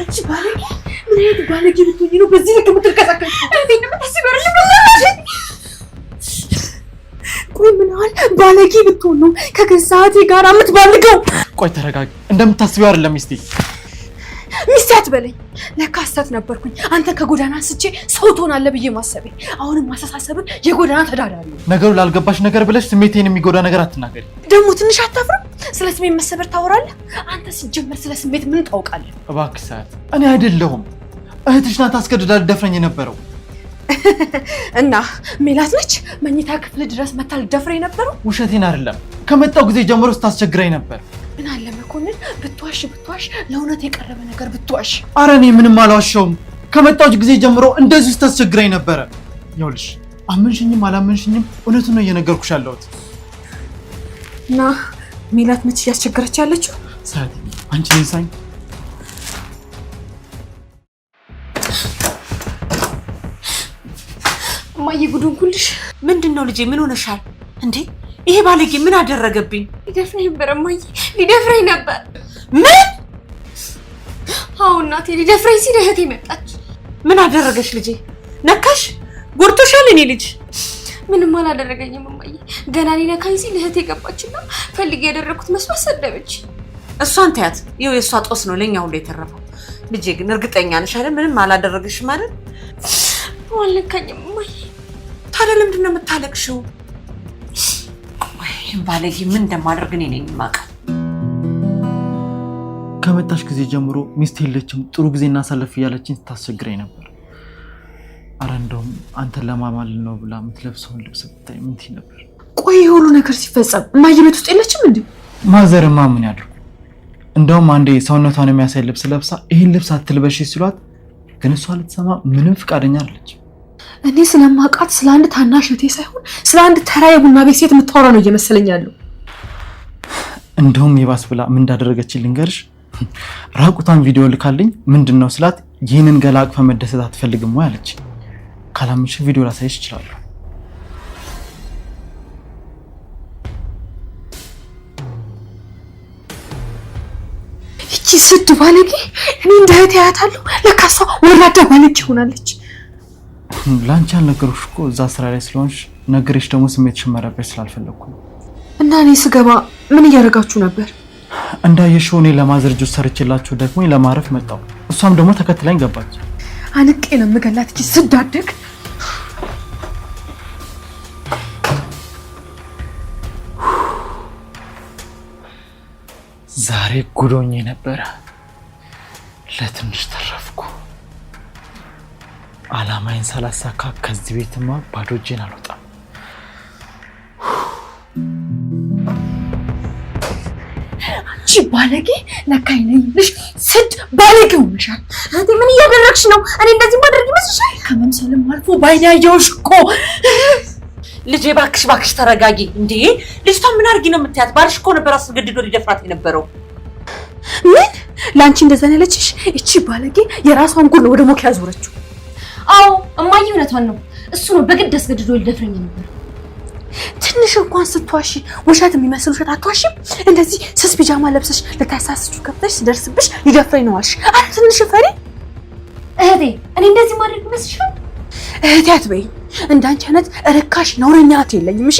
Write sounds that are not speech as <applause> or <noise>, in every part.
አንቺ ባለጌ፣ ምን አይነት ባለጌ ብትሆኚ ነው በዚህ ልክ የምትንቀሳቀሽ? ቆይ ምን ባለጌ ብትሆን ነው ከገዛ እህቴ ጋር የምትባልገው? ቆይ ተረጋጊ፣ እንደምታስቢው አይደለም ሚስቴ ሚስቴ አትበለኝ። ለካ ስተት ነበርኩኝ። አንተን ከጎዳና አንስቼ ሰው ትሆናለ ብዬ ማሰቤ፣ አሁንም ማስተሳሰብን የጎዳና ተዳዳሪ ነገሩ ላልገባሽ ነገር ብለሽ ስሜቴን የሚጎዳ ነገር አትናገሪ። ደግሞ ትንሽ አታፍርም? ስለ ስሜት መሰበር ታወራለህ። አንተ ሲጀመር ስለ ስሜት ምን ታውቃለህ? እባክሽ ሰዓት፣ እኔ አይደለሁም እህትሽ ናት አስገድዳ ልደፍረኝ የነበረው <laughs> እና ሜላት ነች መኝታ ክፍል ድረስ መታ ልደፍረኝ የነበረው። ውሸቴን አይደለም። ከመጣው ጊዜ ጀምሮ ስታስቸግረኝ ነበር መኮንን ብትዋሽ ብትዋሽ ለእውነት የቀረበ ነገር ብትዋሽ። አረ እኔ ምንም አልዋሸውም። ከመጣሁት ጊዜ ጀምሮ እንደዚህ ስታስቸግረኝ ነበረ። ይኸውልሽ አመንሽኝም አላመንሽኝም እውነቱን ነው እየነገርኩሽ ያለሁት። እና ሜላት መች እያስቸገረች ያለችው ሰዓት አንቺ ንሳኝ እማዬ ጉዱን ኩልሽ ምንድን ነው ልጄ? ምን ሆነሻል እንዴ? ይሄ ባለጌ ምን አደረገብኝ? ሊደፍረኝ ነበር እማዬ፣ ሊደፍረኝ ነበር። ምን? አዎ እናቴ፣ ሊደፍረኝ ሲል እህቴ መጣች። ምን አደረገች ልጄ? ነካሽ? ጎርቶሻል? እኔ ልጅ ምንም አላደረገኝም እማዬ። ገና ሊነካኝ ሲል እህቴ ገባችና ፈልጌ ያደረኩት መስሏት ሰደበች። እሷን ተያት። ይኸው የእሷ ጦስ ነው ለእኛ ሁሉ የተረፈው። ልጄ ግን እርግጠኛ ነሽ አይደል? ምንም አላደረገሽም አይደል? አልነካኝም እማዬ። ታዲያ ለምንድን ነው የምታለቅሽው? ይህን ባለጌ ምን እንደማደርግ እኔ ነኝ የማውቀው። ከመጣሽ ጊዜ ጀምሮ ሚስት የለችም ጥሩ ጊዜ እናሳለፍ እያለችን ስታስቸግረኝ ነበር። አረ እንደውም አንተን ለማማል ነው ብላ የምትለብሰውን ልብስ ብታይ ምን ትይ ነበር? ቆይ የሁሉ ነገር ሲፈጸም እማዬ ቤት ውስጥ የለችም እንዴ? ማዘርማ ምን ያድርጉ? እንደውም አንዴ ሰውነቷን የሚያሳይ ልብስ ለብሳ ይህን ልብስ አትልበሽ ሲሏት ግን እሷ ልትሰማ ምንም ፈቃደኛ አለች። እኔ ስለማውቃት ስለ አንድ ታናሽ እህቴ ሳይሆን ስለ አንድ ተራ የቡና ቤት ሴት የምታወራ ነው እየመሰለኝ ያለው። እንደውም የባስ ብላ ምን እንዳደረገችን ልንገርሽ። ራቁቷን ቪዲዮ ልካልኝ ምንድን ነው ስላት ይህንን ገላ አቅፈ መደሰት አትፈልግም ወይ አለች። ካላምሽ ቪዲዮ ላሳይሽ እችላለሁ። ይቺ ስድ ባለጌ እኔ እንደ እህቴ አያታለሁ። ለካ እሷ ወራዳ ባለጌ ሆናለች። ለአንቺ ነገሮች እኮ እዛ ስራ ላይ ስለሆንሽ ነግሬሽ ደግሞ ስሜት መረበሽ ስላልፈለግኩ ነው። እና እኔ ስገባ ምን እያደረጋችሁ ነበር? እንዳየሽው እኔ ለማዘርጅ ሰርችላችሁ ደግሞ ለማረፍ መጣው እሷም ደግሞ ተከትላኝ ገባች። አንቄ ነው የምገላት እቺ ስዳደግ ዛሬ ጉዶኝ ነበረ። ለትንሽ ተረፍኩ። አላማዬን ሳላሳካ ከዚህ ቤትማ ባዶ እጄን አልወጣም። አንቺ ባለጌ ለካ ይለይልሽ ስድ ባለጌ ሆነሻል። እህቴ ምን እያደረግሽ ነው? እኔ እንደዚህ ማድረግ ይመስልሻል? ከመምሰልም አልፎ ባይኔ አየሁሽ እኮ ልጄ። እባክሽ እባክሽ ተረጋጊ። እንዴ ልጅቷ ምን አድርጊ ነው የምትያት? ባልሽ እኮ ነበር አስገድዶ ሊደፍራት የነበረው። ምን ለአንቺ እንደዛ ነው ያለችሽ? እቺ ባለጌ የራሷን ጉል ወደ ሞክ ያዞረችው አዎ እማዬ እውነቷን ነው። እሱ ነው በግድ አስገድዶ ሊደፍረኝ ነበር። ትንሽ እንኳን ስትዋሺ ውሸት የሚመስል ውሸት አትዋሺም። እንደዚህ ስስ ፒጃማ ለብሰሽ ልታሳስቹ ከፍተሽ ስደርስብሽ ሊደፍረኝ ነው አልሽ። አረ ትንሽ ፈሪ እህቴ፣ እኔ እንደዚህ ማድረግ ይመስልሻል? እህቴ አትበይኝ። እንዳንቺ አይነት ርካሽ ነውረኛ እህት የለኝም። እሺ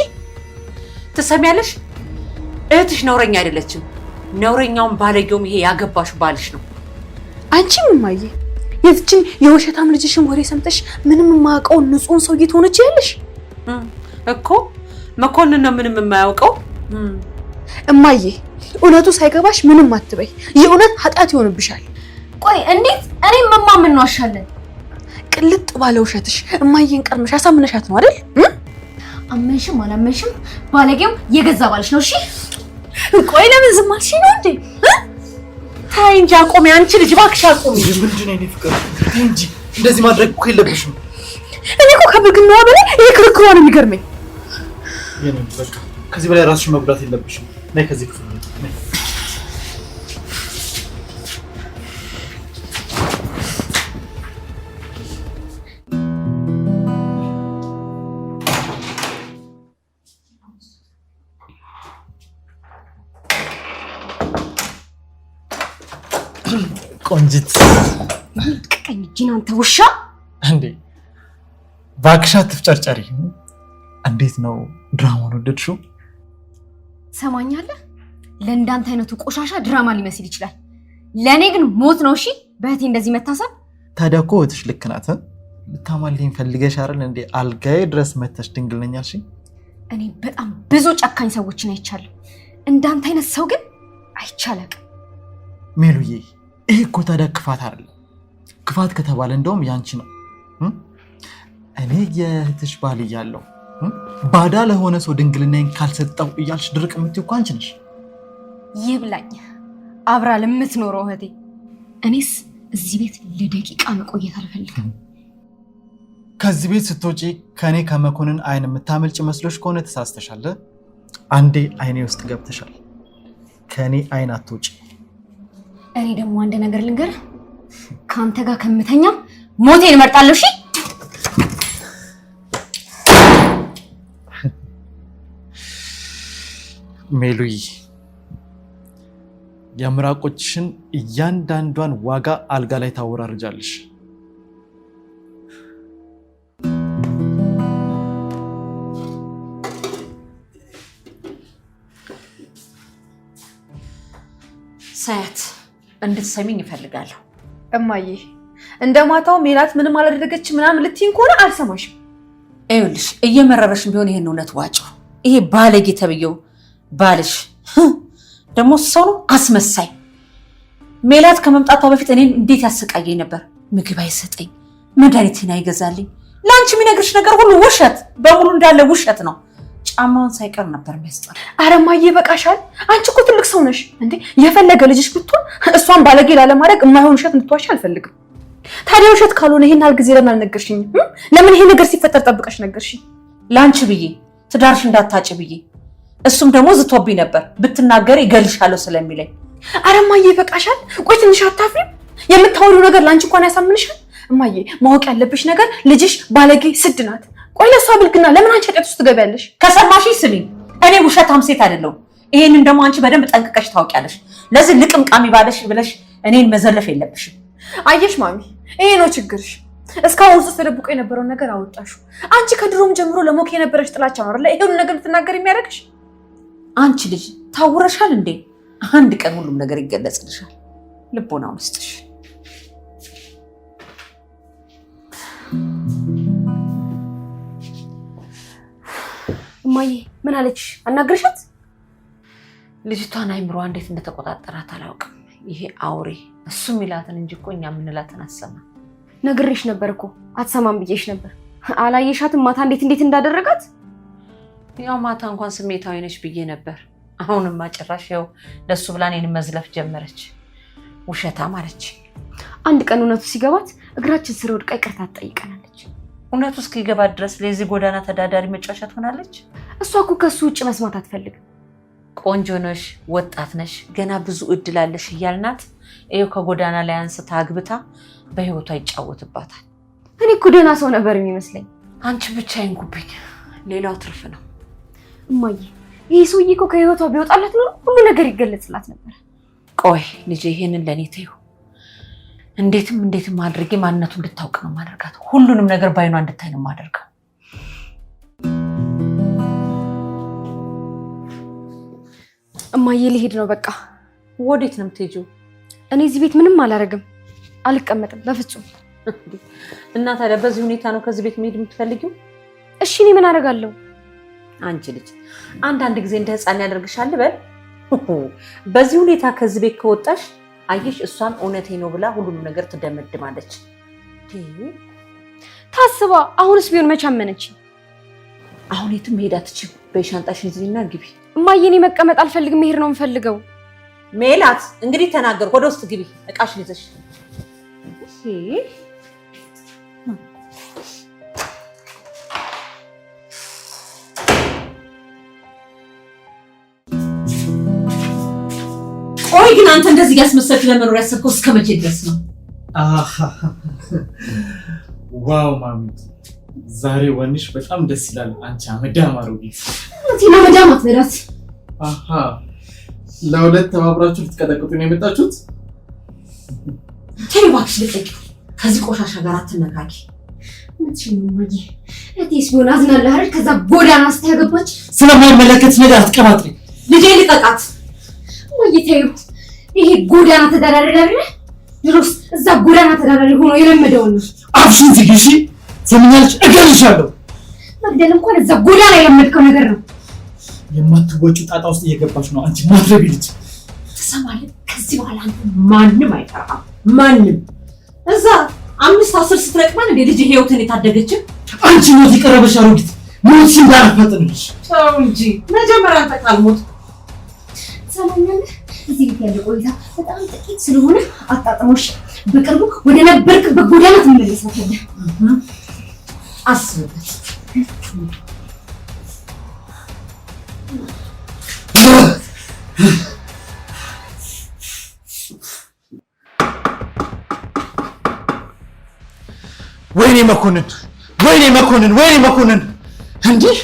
ትሰሚያለሽ? እህትሽ ነውረኛ አይደለችም። ነውረኛውን ባለጌውም ይሄ ያገባሽ ባልሽ ነው። አንቺም እማዬ የዚችን የውሸታም ልጅሽን ወሬ ሰምተሽ ምንም የማያውቀው ንጹህን ሰውዬ ትሆነች ያለሽ እኮ መኮንን ነው ምንም የማያውቀው። እማዬ እውነቱ ሳይገባሽ ምንም አትበይ። የእውነት ኃጢአት ይሆንብሻል። ቆይ እንዴት እኔም መማ ምን ዋሻለን? ቅልጥ ባለ ውሸትሽ እማዬን ቀርምሽ አሳምነሻት ነው አይደል? አመንሽም አላመንሽም ባለጌው የገዛ ባልሽ ነው። እሺ ቆይ ለምን ዝም አልሽኝ ነው እንዴ? ታይ እንጂ አቆሚ። አንቺ ልጅ እባክሽ አቆሚ። ምንድን ነው ፍቅር እንጂ እንደዚህ ማድረግ እኮ የለብሽም። እኔ እኮ ከብልግናዋ በላይ ይሄ ክርክሯ ነው የሚገርመኝ። ከዚህ በላይ ራስሽ መጉዳት የለብሽም። ናይ ከዚህ ክፍል ቆንጅት ቀኝ እጅን አንተ ውሻ እንዴ! እባክሽ አትፍጨርጨሪ። እንዴት ነው ድራማውን ወደድሽው? ሰማኛለህ። ለእንዳንተ አይነቱ ቆሻሻ ድራማ ሊመስል ይችላል፣ ለእኔ ግን ሞት ነው። እሺ በእህቴ እንደዚህ መታሰብ። ታዲያ እኮ እህትሽ ልክ ናት። ልታማልኝ ፈልገሽ አይደል እንዴ? አልጋዬ ድረስ መተሽ ድንግል ነኝ አልሽኝ። እኔ በጣም ብዙ ጨካኝ ሰዎችን አይቻለሁ፣ እንዳንተ አይነት ሰው ግን አይቻለቅም። ሜሉዬ ይህ እኮ ታዲያ ክፋት አይደለም። ክፋት ከተባለ እንደውም ያንቺ ነው። እኔ የእህትሽ ባል እያለሁ ባዳ ለሆነ ሰው ድንግልናዬን ካልሰጠው እያልሽ ድርቅ የምትይው እኮ አንቺ ነሽ። ይብላኝ አብራ ለምትኖረው እህቴ። እኔስ እዚህ ቤት ለደቂቃ መቆየት አልፈልግም። ከዚህ ቤት ስትወጪ ከእኔ ከመኮንን አይን የምታመልጭ መስሎች ከሆነ ተሳስተሻለ። አንዴ አይኔ ውስጥ ገብተሻል። ከእኔ አይን አትወጪ። እኔ ደግሞ አንድ ነገር ልንገር፣ ከአንተ ጋር ከምተኛ ሞቴን እመርጣለሁ። እሺ ሜሉይ፣ የምራቆችሽን እያንዳንዷን ዋጋ አልጋ ላይ ታወራርጃለሽ። ሳያት እንድትሰሚኝ እፈልጋለሁ። እማዬ እንደ ማታው ሜላት ምንም አላደረገች ምናምን ልትይኝ ከሆነ አልሰማሽም። ይኸውልሽ እየመረረሽም ቢሆን ይሄን እውነት ዋጭው። ይሄ ባለጌ ተብዬው ባልሽ ደግሞ ሰው አስመሳይ። ሜላት ከመምጣቷ በፊት እኔን እንዴት ያሰቃየኝ ነበር። ምግብ አይሰጠኝ፣ መድኃኒቴን አይገዛልኝ። ለአንቺ የሚነግርሽ ነገር ሁሉ ውሸት በሙሉ እንዳለ ውሸት ነው። ጫማውን ሳይቀር ነበር ሚያስጠር። አረማዬ ይበቃሻል። አንቺ እኮ ትልቅ ሰው ነሽ እንዴ! የፈለገ ልጅሽ ብትሆን እሷን ባለጌ ላለማድረግ የማይሆን ውሸት እንድትዋሽ አልፈልግም። ታዲያ ውሸት ካልሆነ ይህን ያህል ጊዜ ለምን አልነገርሽኝም? ለምን ይሄ ነገር ሲፈጠር ጠብቀሽ ነገርሽኝ? ለአንቺ ብዬ ትዳርሽ እንዳታጭ ብዬ እሱም ደግሞ ዝቶብኝ ነበር ብትናገር ይገልሻለሁ ስለሚለኝ። አረማዬ ይበቃሻል። ቆይ ትንሽ አታፍሪም? የምታወሪው ነገር ለአንቺ እንኳን ያሳምንሻል? እማዬ ማወቅ ያለብሽ ነገር ልጅሽ ባለጌ ስድ ናት። ቆይ ለእሷ ብልግና ለምን አንቺ ቀጥ ውስጥ ትገቢያለሽ? ከሰማሽ ስሚ፣ እኔ ውሸታም ሴት አይደለሁም። ይሄንን ደግሞ አንቺ በደንብ ጠንቅቀሽ ታውቂያለሽ። ለዚህ ልቅም ቃሚ ባለሽ ብለሽ እኔን መዘለፍ የለብሽም። አየሽ ማሚ፣ ይሄ ነው ችግርሽ። እስካሁን ውስጥ ተደብቆ የነበረውን ነገር አወጣሹ። አንቺ ከድሮም ጀምሮ ለሞክ የነበረሽ ጥላቻ ነው አይደለ? ይሄን ነገር ልትናገር የሚያደርግሽ አንቺ ልጅ ታውረሻል እንዴ? አንድ ቀን ሁሉም ነገር ይገለጽልሻል። ልቦናውን ስጥሽ። እማዬ ምን አለች? አናገርሻት? ልጅቷን አይምሯ እንዴት እንደተቆጣጠራት አላውቅም። ይሄ አውሬ እሱ ሚላትን እንጂ እኮ እኛ የምንላትን አሰማ። ነግሬሽ ነበር እኮ አትሰማም ብዬሽ ነበር። አላየሻትም? ማታ እንዴት እንዴት እንዳደረጋት። ያው ማታ እንኳን ስሜታዊ ነች ብዬ ነበር። አሁንማ ጭራሽ ያው ለእሱ ብላ እኔን መዝለፍ ጀመረች። ውሸታ ማለች። አንድ ቀን እውነቱ ሲገባት እግራችን ስር ወድቃ ይቅርታ ትጠይቀናለች። እውነቱ እስኪገባት ድረስ ለዚህ ጎዳና ተዳዳሪ መጫወቻ ትሆናለች። እሷ እኮ ከሱ ውጭ መስማት አትፈልግም። ቆንጆ ነሽ፣ ወጣት ነሽ፣ ገና ብዙ እድል አለሽ እያልናት ይኸው ከጎዳና ላይ አንስታ አግብታ በህይወቷ ይጫወትባታል። እኔ እኮ ደህና ሰው ነበር የሚመስለኝ። አንቺ ብቻ ይንኩብኝ፣ ሌላው ትርፍ ነው። እማዬ፣ ይህ ሰውዬ እኮ ከህይወቷ ቢወጣላት ኖሮ ሁሉ ነገር ይገለጽላት ነበር። ቆይ ልጄ፣ ይሄንን ለእኔ ተይው። እንዴትም እንዴትም አድርጌ ማንነቱ እንድታውቅ ነው ማደርጋት። ሁሉንም ነገር ባይኗ እንድታይ ነው ማደርገው። እማዬ ልሄድ ነው በቃ። ወዴት ነው የምትሄጂው? እኔ እዚህ ቤት ምንም አላደርግም፣ አልቀመጥም በፍጹም። እና ታዲያ በዚህ ሁኔታ ነው ከዚህ ቤት መሄድ የምትፈልጊው? እሺ እኔ ምን አደርጋለሁ? አንቺ ልጅ አንዳንድ ጊዜ እንደ ህፃን ያደርግሻል። በል በዚህ ሁኔታ ከዚህ ቤት ከወጣሽ አየሽ፣ እሷም እውነቴ ነው ብላ ሁሉንም ነገር ትደመድማለች። ታስባ አሁንስ ቢሆን መቻመነች። አሁን የትም መሄድ አትችይም። በሻንጣሽን ዝና ግቢ እማዬ፣ መቀመጥ አልፈልግም፣ መሄድ ነው የምፈልገው። ሜላት፣ እንግዲህ ተናገር፣ ወደ ውስጥ ግቢ ልዘሽ። ይዘሽ ቆይ ግን አንተ እንደዚህ ያስመሰልክ ለመኖር ያሰብከው እስከ መቼ ድረስ ነው? ዋው ማሚት ዛሬ ወንሽ በጣም ደስ ይላል። አንቺ አመዳም አሮጊት አንቺና መዳም አትነዳት። አሃ ለሁለት ተባብራችሁ ልትቀጠቅጡ ነው የመጣችሁት? ተይ እባክሽ ልቀቂ፣ ከዚህ ቆሻሻ ጋር አትነካኪ። ምንሽን ማየ እቴስ ቢሆን አዝናለሁ አይደል? ከዛ ጎዳና ስታያገባች ስለማይመለከት ነገር አትቀባጥሪ። ልጄ ልቀቃት። ማየ ተይው፣ ይሄ ጎዳና ተዳዳሪ አይደል? ድሮስ እዛ ጎዳና ተዳዳሪ ሆኖ የለመደውን አፍሽን ዝጊ እሺ ሰምኛለሽ? እገልሻለሁ። መግደል እንኳን እዛ ጎዳ ላይ የለመድከው ነገር ነው። የማትወጪው ጣጣ ውስጥ እየገባች ነው አንቺ ማድረግ ልጅ። ትሰማለህ? ከዚህ በኋላ ማንም አይጠራም። ማንም እዛ አምስት አስር ስትረቅማን እንደ ልጅ ህይወትን የታደገችን አንቺ ሞት የቀረበሽ አሮጊት ሞት ሲንዳራፈጥንልሽ ሰው እንጂ መጀመሪያ ጠቃል ሞት ትሰማኛለህ? እዚህ ቤት ያለ ቆይታ በጣም ጥቂት ስለሆነ አጣጥሞሽ በቅርቡ ወደ ነበርክበት ጎዳና ትመለሳለህ። አስብበት። ወይኔ መኮንን፣ ወይኔ መኮንን፣ ወይኔ መኮንን! እንዲህ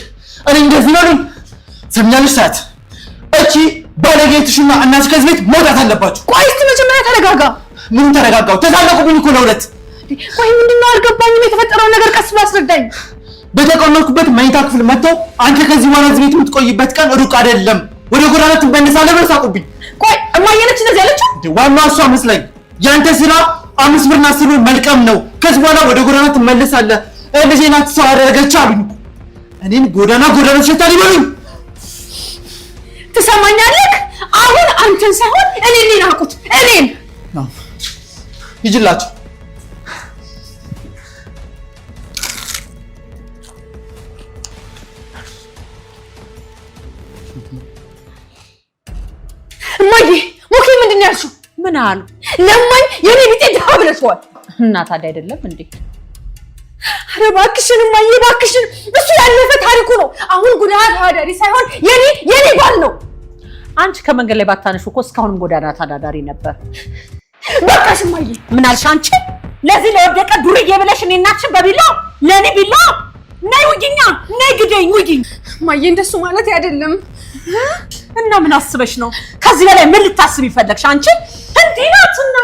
እኔ እንደዚህ ነው ሰምኛለሽ? ሰዓት እቺ ባለጌትሽና እናትሽ ከዚህ ቤት መውጣት አለባችሁ። ቆይ እስኪ መጀመሪያ ተረጋጋ። ምኑን ተረጋጋው? ተዛለቁብኝ እኮ ለሁለት ወይ ምንድነው? አልገባኝም። የተፈጠረውን ነገር ቀስ ብሎ አስረዳኝ። በተቀመጥኩበት መኝታ ክፍል መጥተው አንተ ከዚህ በኋላ እዚህ ቤት የምትቆይበት ቀን ሩቅ አይደለም፣ ወደ ጎዳና ትመለሳለህ። በርስ አቁብኝ። ቆይ እማየነች እንደዚህ ያለችው ዋናው እሷ መስላኝ። ያንተ ስራ አምስት ብርና ስሉ መልቀም ነው። ከዚህ በኋላ ወደ ጎዳና ትመለሳለህ። ልጄ ናት ሰው አደረገች አሉኝ። እኔን ጎዳና ጎዳና ሸታ ሊበሉኝ። ትሰማኛለህ? አሁን አንተን ሳይሆን እኔን ናቁት። እኔን ይጅላችሁ ያልሽው? ምን አሉ? ለማኝ የኔ ቢጤ ድሃ ብለሽዋል። እና ታዲያ አይደለም እንዴ? አረ እባክሽን እማዬ እባክሽን፣ እሱ ያለፈ ታሪኩ ነው። አሁን ጎዳና ተዳዳሪ ሳይሆን የኔ የኔ ባል ነው። አንቺ ከመንገድ ላይ ባታነሹ እኮ እስካሁንም ጎዳና ተዳዳሪ ነበር። በቃሽ እማዬ። ምን አልሽ አንቺ? ለዚህ ለወደቀ ዱርዬ ብለሽ እኔ እናትሽን በቢላ ለእኔ ቢላ ነይ ውጊኛ ነይ ግደኝ ውጊኝ። እማዬ እንደሱ ማለት አይደለም። እና ምን አስበሽ ነው? ከዚህ በላይ ምን ልታስብ ይፈለግሽ አንቺ? እንዲህ ናትና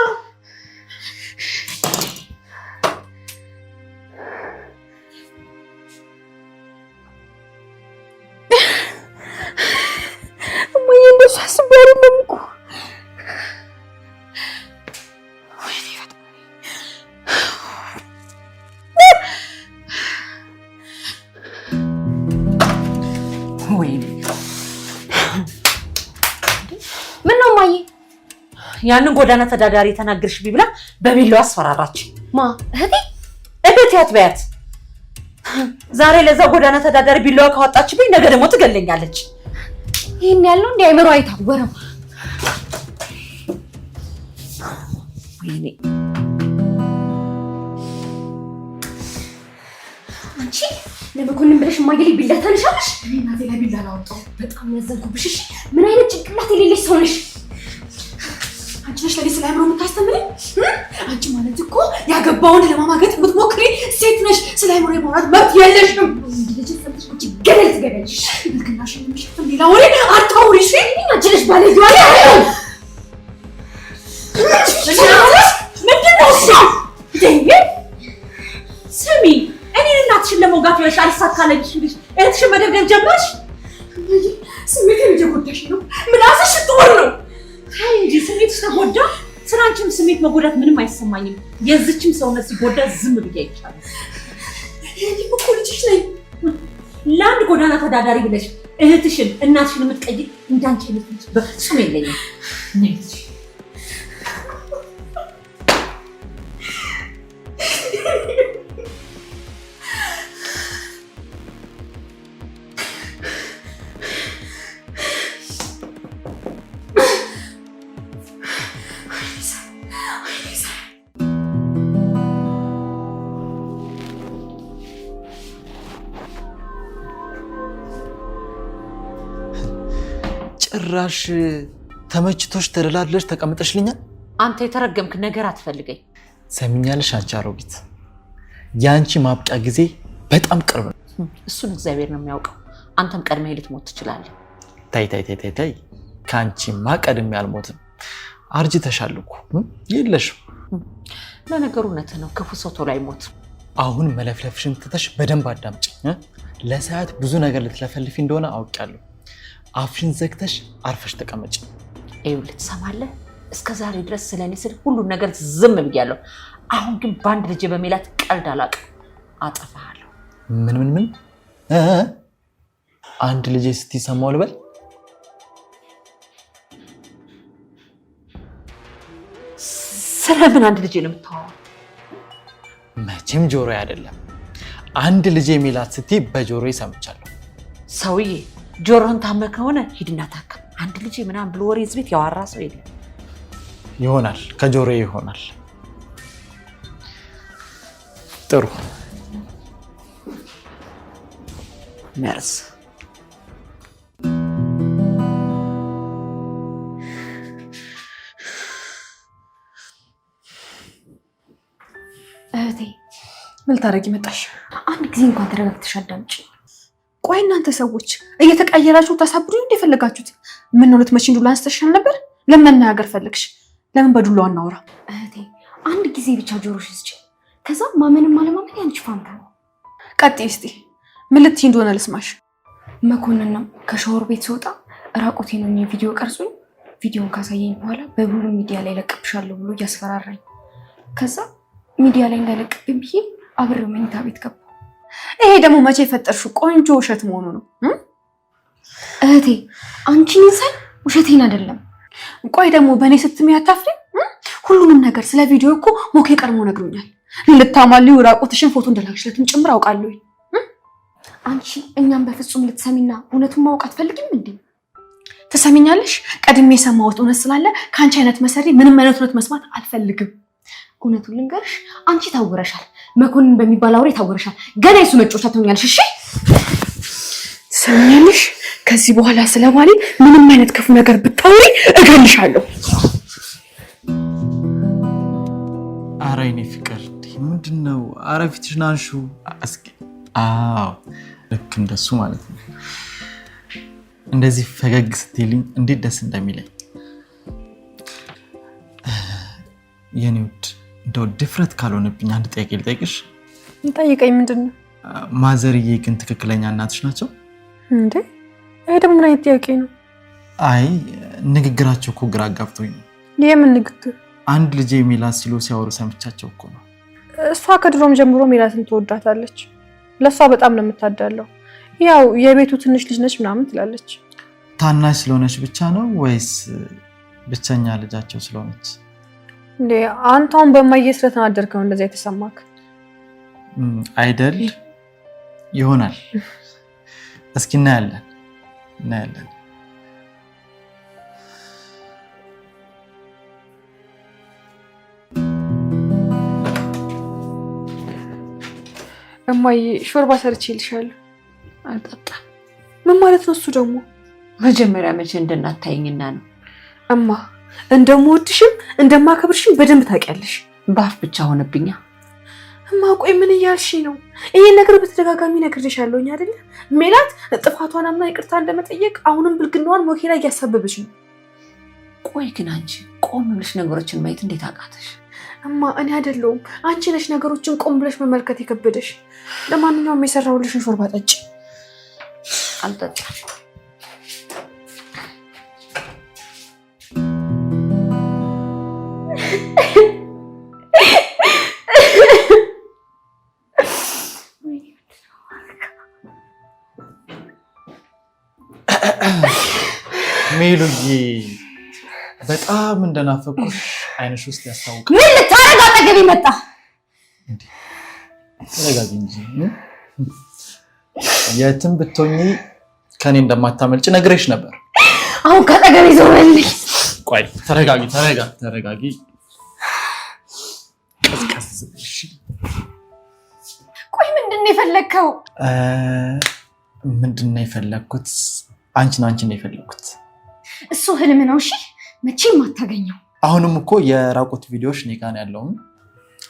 ያንን ጎዳና ተዳዳሪ ተናግርሽ ቢብላ በቢላው አስፈራራች። ማ እህቴ እህቴ አትበያት። ዛሬ ለዛ ጎዳና ተዳዳሪ ቢላዋ ካወጣችብኝ ነገ ደግሞ ትገለኛለች። ይህን ያለው እንዲ አይምሮ ወይኔ አንቺ ለመኮንን ብለሽ ማየል ቢላ ታነሻለሽ? እኔ ናቴ ቢላ ላወጣው በጣም ያዘንኩብሽ። ምን አይነት ጭንቅላት የሌለሽ ሰው ነሽ? ላይ አብሮ የምታስተምሪ አንቺ ማለት እኮ ያገባውን ለማማገጥ የምትሞክሪ ሴት ነሽ። ስለ አይምሮ የማውራት መብት የለሽም። ገደል ትገደልሽ። ልክናሽን የሚሸፍን ሌላ ወሬ አታውሪ። አንቺ ነሽ ባለ ስሚ፣ እኔን እናትሽን ለመውጋት ብለሽ አልሳካለሽ። እህትሽን መደብደብ ጀመርሽ። ስሜት የሚጎዳሽ ነው። ምላስሽ ስትወር ነው እንጂ ስሜት ተጎዳ። ስራንችም ስሜት መጎዳት ምንም አይሰማኝም። የዝችም ሰውነት ሲጎዳ ዝም ብዬ አይቻልም። ይህ እኮ ልጅሽ ነኝ። ለአንድ ጎዳና ተዳዳሪ ብለሽ እህትሽን እናትሽን የምትቀይር እንዳንቺ አይነት ልጅ በፍጹም የለኝም። ጭራሽ ተመችቶሽ ተደላድለሽ ተቀምጠሽልኛል። አንተ የተረገምክ ነገር አትፈልገኝ። ሰሚኛለሽ? አንቺ አሮጊት፣ የአንቺ ማብቂያ ጊዜ በጣም ቅርብ ነው። እሱን እግዚአብሔር ነው የሚያውቀው። አንተም ቀድመህ ልትሞት ትችላለህ። ታይ ታይ ታይ ታይ፣ ከአንቺማ ቀድሜ አልሞትም። አርጅተሻል እኮ የለሽም። ለነገሩ እውነትህ ነው፣ ክፉ ሰው ቶሎ አይሞትም። አሁን መለፍለፍሽን ትተሽ በደንብ አዳምጪ። ለሰዓት ብዙ ነገር ልትለፈልፊ እንደሆነ አውቄያለሁ። አፍሽን ዘግተሽ አርፈሽ ተቀመጭ። ይኸውልህ ትሰማለህ፣ እስከ ዛሬ ድረስ ስለ እኔ ስል ሁሉን ነገር ዝም ብያለሁ። አሁን ግን በአንድ ልጄ በሜላት ቀልድ አላውቅም፣ አጠፋሃለሁ። ምን ምን ምን አንድ ልጄ ስትሰማው ልበል ስለምን አንድ ልጄ ነው የምታወራው? መቼም ጆሮ አይደለም። አንድ ልጅ የሚላት ስትይ በጆሮ ሰምቻለሁ ሰውዬ ጆሮን ታመ ከሆነ ሂድና ታከም። አንድ ልጅ ምናምን ብሎ ወሬ ቤት ያዋራ ሰው የለም። ይሆናል ከጆሮ ይሆናል። ጥሩ መርዝ እህቴ ምን ልታደርጊ መጣሽ? አንድ ጊዜ እንኳን ተረጋግተሽ አዳምጪ። ቆይ እናንተ ሰዎች እየተቀየራችሁ ታሳብዱ እንደፈለጋችሁት ምን ነው ልትመጪ ዱላ አንስተሻል ነበር? ለመናገር ፈልግሽ ለምን በዱላው አናወራ? እህቴ አንድ ጊዜ ብቻ ጆሮሽ እስጪ። ከዛ ማመንም አለማመን ያንቺ ፋንታ ነው። ቀጥይ እስቲ ምን ልትይ እንደሆነ ልስማሽ። መኮንን ከሻወር ቤት ስወጣ ራቁቴን ቪዲዮ ቀርጹ ቪዲዮን ካሳየኝ በኋላ በብሉ ሚዲያ ላይ ለቅብሻለሁ ብሎ እያስፈራራኝ ከዛ ሚዲያ ላይ እንዳይለቅብኝ ብዬ አብሬው መኝታ ቤት ገባ። ይሄ ደግሞ መቼ የፈጠርሽው ቆንጆ ውሸት መሆኑ ነው። እህቴ አንቺን ሳይ ውሸቴን አይደለም። ቆይ ደግሞ በእኔ ስትሚ አታፍሪ። ሁሉንም ነገር ስለ ቪዲዮ እኮ ሞኬ ቀድሞ ነግሮኛል። ልታማልዩ ራቁትሽን ፎቶ እንደላክሽለትም ጭምር አውቃለሁ። አንቺ እኛም በፍጹም ልትሰሚና እውነቱን ማወቅ አትፈልጊም እንዴ? ትሰሚኛለሽ? ቀድሜ የሰማሁት እውነት ስላለ ከአንቺ አይነት መሰሪ ምንም አይነት እውነት መስማት አልፈልግም። እውነቱን ልንገርሽ፣ አንቺ ታውረሻል። መኮንን በሚባል አውሬ ታወረሻል። ገና የሱ መጮቻ ትሆኛለሽ። እሺ ሰሚያለሽ? ከዚህ በኋላ ስለማሪ ምንም አይነት ክፉ ነገር ብታወሪ እገልሻለሁ። አረ የኔ ፍቅር ምንድን ነው? አረ ፊትሽን አንሺው አዎ ልክ እንደሱ ማለት ነው። እንደዚህ ፈገግ ስትልኝ እንዴት ደስ እንደሚለኝ የኔ ውድ እንደው ድፍረት ካልሆነብኝ አንድ ጥያቄ ልጠይቅሽ። ጠይቀኝ። ምንድን ነው? ማዘርዬ ግን ትክክለኛ እናትሽ ናቸው እንዴ? ይሄ ደግሞ ምን አይነት ጥያቄ ነው? አይ ንግግራቸው እኮ ግራ አጋብቶኝ ነው። የምን ንግግር? አንድ ልጄ ሜላት ሲሉ ሲያወሩ ሰምቻቸው እኮ ነው። እሷ ከድሮም ጀምሮ ሜላትን ትወዳታለች። ለእሷ በጣም ነው የምታዳለው። ያው የቤቱ ትንሽ ልጅ ነች ምናምን ትላለች። ታናሽ ስለሆነች ብቻ ነው ወይስ ብቸኛ ልጃቸው ስለሆነች? እንዴ አንተውን በማየ ስለተናደርከው እንደዛ የተሰማክ አይደል? ይሆናል። እስኪ እናያለን እናያለን። እማዬ ሾርባ ሰርቼ እልሻለሁ። አልጠጣ ምን ማለት ነው እሱ ደግሞ? መጀመሪያ መቼ እንደናታየኝና ነው እማ እንደምወድሽም እንደማከብርሽም በደንብ ታውቂያለሽ። በአፍ ብቻ ሆነብኛ። እማ ቆይ ምን እያልሽ ነው? ይሄን ነገር በተደጋጋሚ ነግሬሻለሁኝ አይደለ? ሜላት ጥፋቷን አምና ይቅርታ እንደመጠየቅ አሁንም ብልግናዋን ወኪላ እያሳበበች ነው። ቆይ ግን አንቺ ቆም ብለሽ ነገሮችን ማየት እንዴት አቃተሽ? እማ እኔ አይደለሁም አንቺ ነሽ ነገሮችን ቆም ብለሽ መመልከት የከበደሽ። ለማንኛውም የሰራሁልሽን ሾርባ ጠጪ። አልጠጣም ሜሉዬ በጣም እንደናፈኩሽ አይነሽ ውስጥ ያስታውቃል። ምን ልታረግ አጠገቤ ይመጣ? ተረጋጊ እንጂ የትም ብትሆኚ ከኔ እንደማታመልጭ ነግሬሽ ነበር። አሁን ከጠገብ ዞር በልልኝ። ቆይ ተረጋጊ፣ ተረጋጊ፣ ተረጋጊ። ቀዝቀዝ ቆይ ምንድን ነው የፈለግከው? ምንድን ነው የፈለግኩት? አንቺን አንቺን ነው የፈለግኩት እሱ ህልም ነው። እሺ መቼም አታገኘው። አሁንም እኮ የራቁት ቪዲዮዎች እኔ ጋር ያለውም።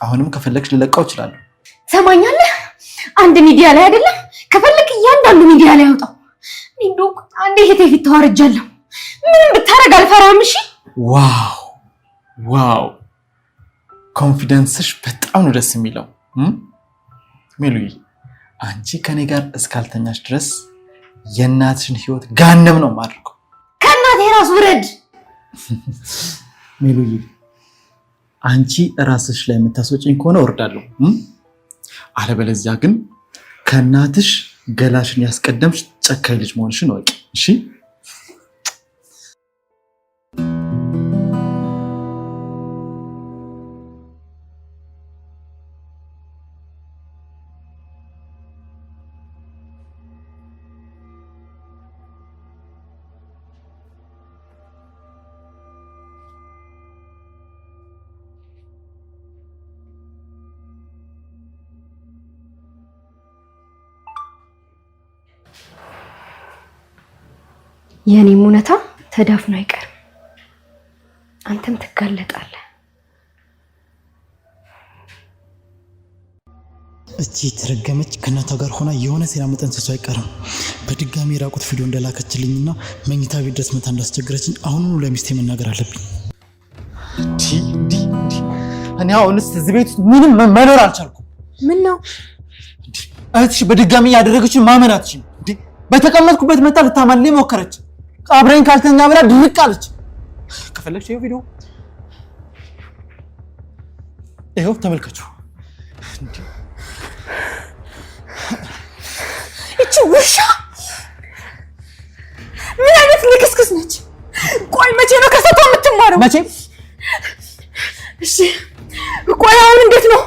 አሁንም ከፈለግሽ ልለቀው እችላለሁ። ሰማኛለህ? አንድ ሚዲያ ላይ አይደለም ከፈለግ እያንዳንዱ ሚዲያ ላይ አውጣው። እንዶ አንዴ ሄት ፊት ተዋርጃለሁ። ምንም ብታደረግ አልፈራም። እሺ ዋው ዋው ኮንፊደንስሽ በጣም ነው ደስ የሚለው ሜሉዬ። አንቺ ከኔ ጋር እስካልተኛሽ ድረስ የእናትሽን ህይወት ጋንም ነው ማድርገው ራሱ ውረድ። ሜሉዬ አንቺ ራስሽ ላይ የምታስወጭኝ ከሆነ ወርዳለሁ፣ አለበለዚያ ግን ከእናትሽ ገላሽን ያስቀደምሽ ጨካኝ ልጅ መሆንሽን እወቂ እሺ። የእኔም እውነታ ተዳፍኖ አይቀርም። አንተም ትጋለጣለህ። እቺ የተረገመች ከእናቷ ጋር ሆና የሆነ ሴራ መጠንሰሱ አይቀርም። በድጋሚ የራቁት ቪዲዮ እንደላከችልኝና መኝታ ቤት ድረስ መታ እንዳስቸገረችኝ አሁኑኑ ለሚስቴ መናገር አለብኝ። እኔ አሁንስ እዚህ ቤት ምንም መኖር አልቻልኩም። ምን ነው እህትሽ በድጋሚ ያደረገችን ማመን አትችልም። በተቀመጥኩበት መታ ልታማልኝ ሞከረች። አብረኝ ካልተኛ ብላ ድንቅ አለች። ከፈለግሽ ይኸው ቪዲዮ ይኸው ተመልከቹ። እቺ ውሻ ምን አይነት ልክስክስ ነች? ቆይ መቼ ነው ከሰቷ የምትማረው? መቼ? እሺ ቆይ አሁን እንዴት ነው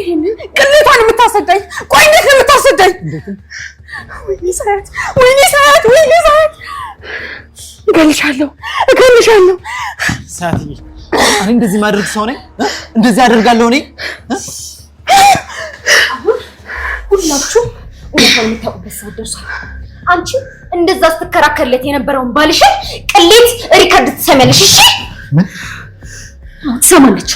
ይሄንን ቅሌቷን የምታሰዳኝ? ቆይ እንዴት ነው የምታሰዳኝ? ወይኔ ሰዓት፣ ወይኔ ሰዓት፣ ወይኔ ሰዓት እገልሻለሁ፣ እገልሻለሁ። ሳትዬ እኔ እንደዚህ ማድረግ ሰው ነኝ? እንደዚህ አደርጋለሁ እኔ? ሁላችሁ እውነታውን የምታውቁበት ሰዓት ደርሷል። አንቺ እንደዛ ስትከራከርለት የነበረውን ባልሽን ቅሌት ሪከርድ ትሰሚያለሽ። እሺ ትሰማለች